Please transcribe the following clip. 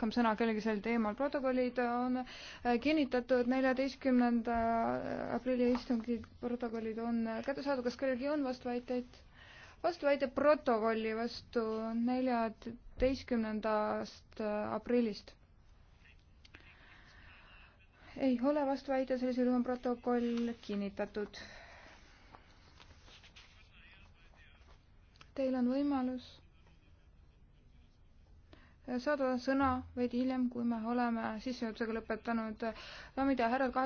rohkem sõna kellelgi sel teemal. protokollid on äh, kinnitatud neljateistkümnenda äh, aprilli istungi protokollid on kättesaadavad. kas kellelgi on vastuväiteid? vastuväide protokolli vastu neljateistkümnendast äh, aprillist? ei ole vastuväide, sellisel juhul on protokoll kinnitatud. Teil on võimalus saada sõna veidi hiljem, kui me oleme sissejuhatusega lõpetanud. daamid ja härrad,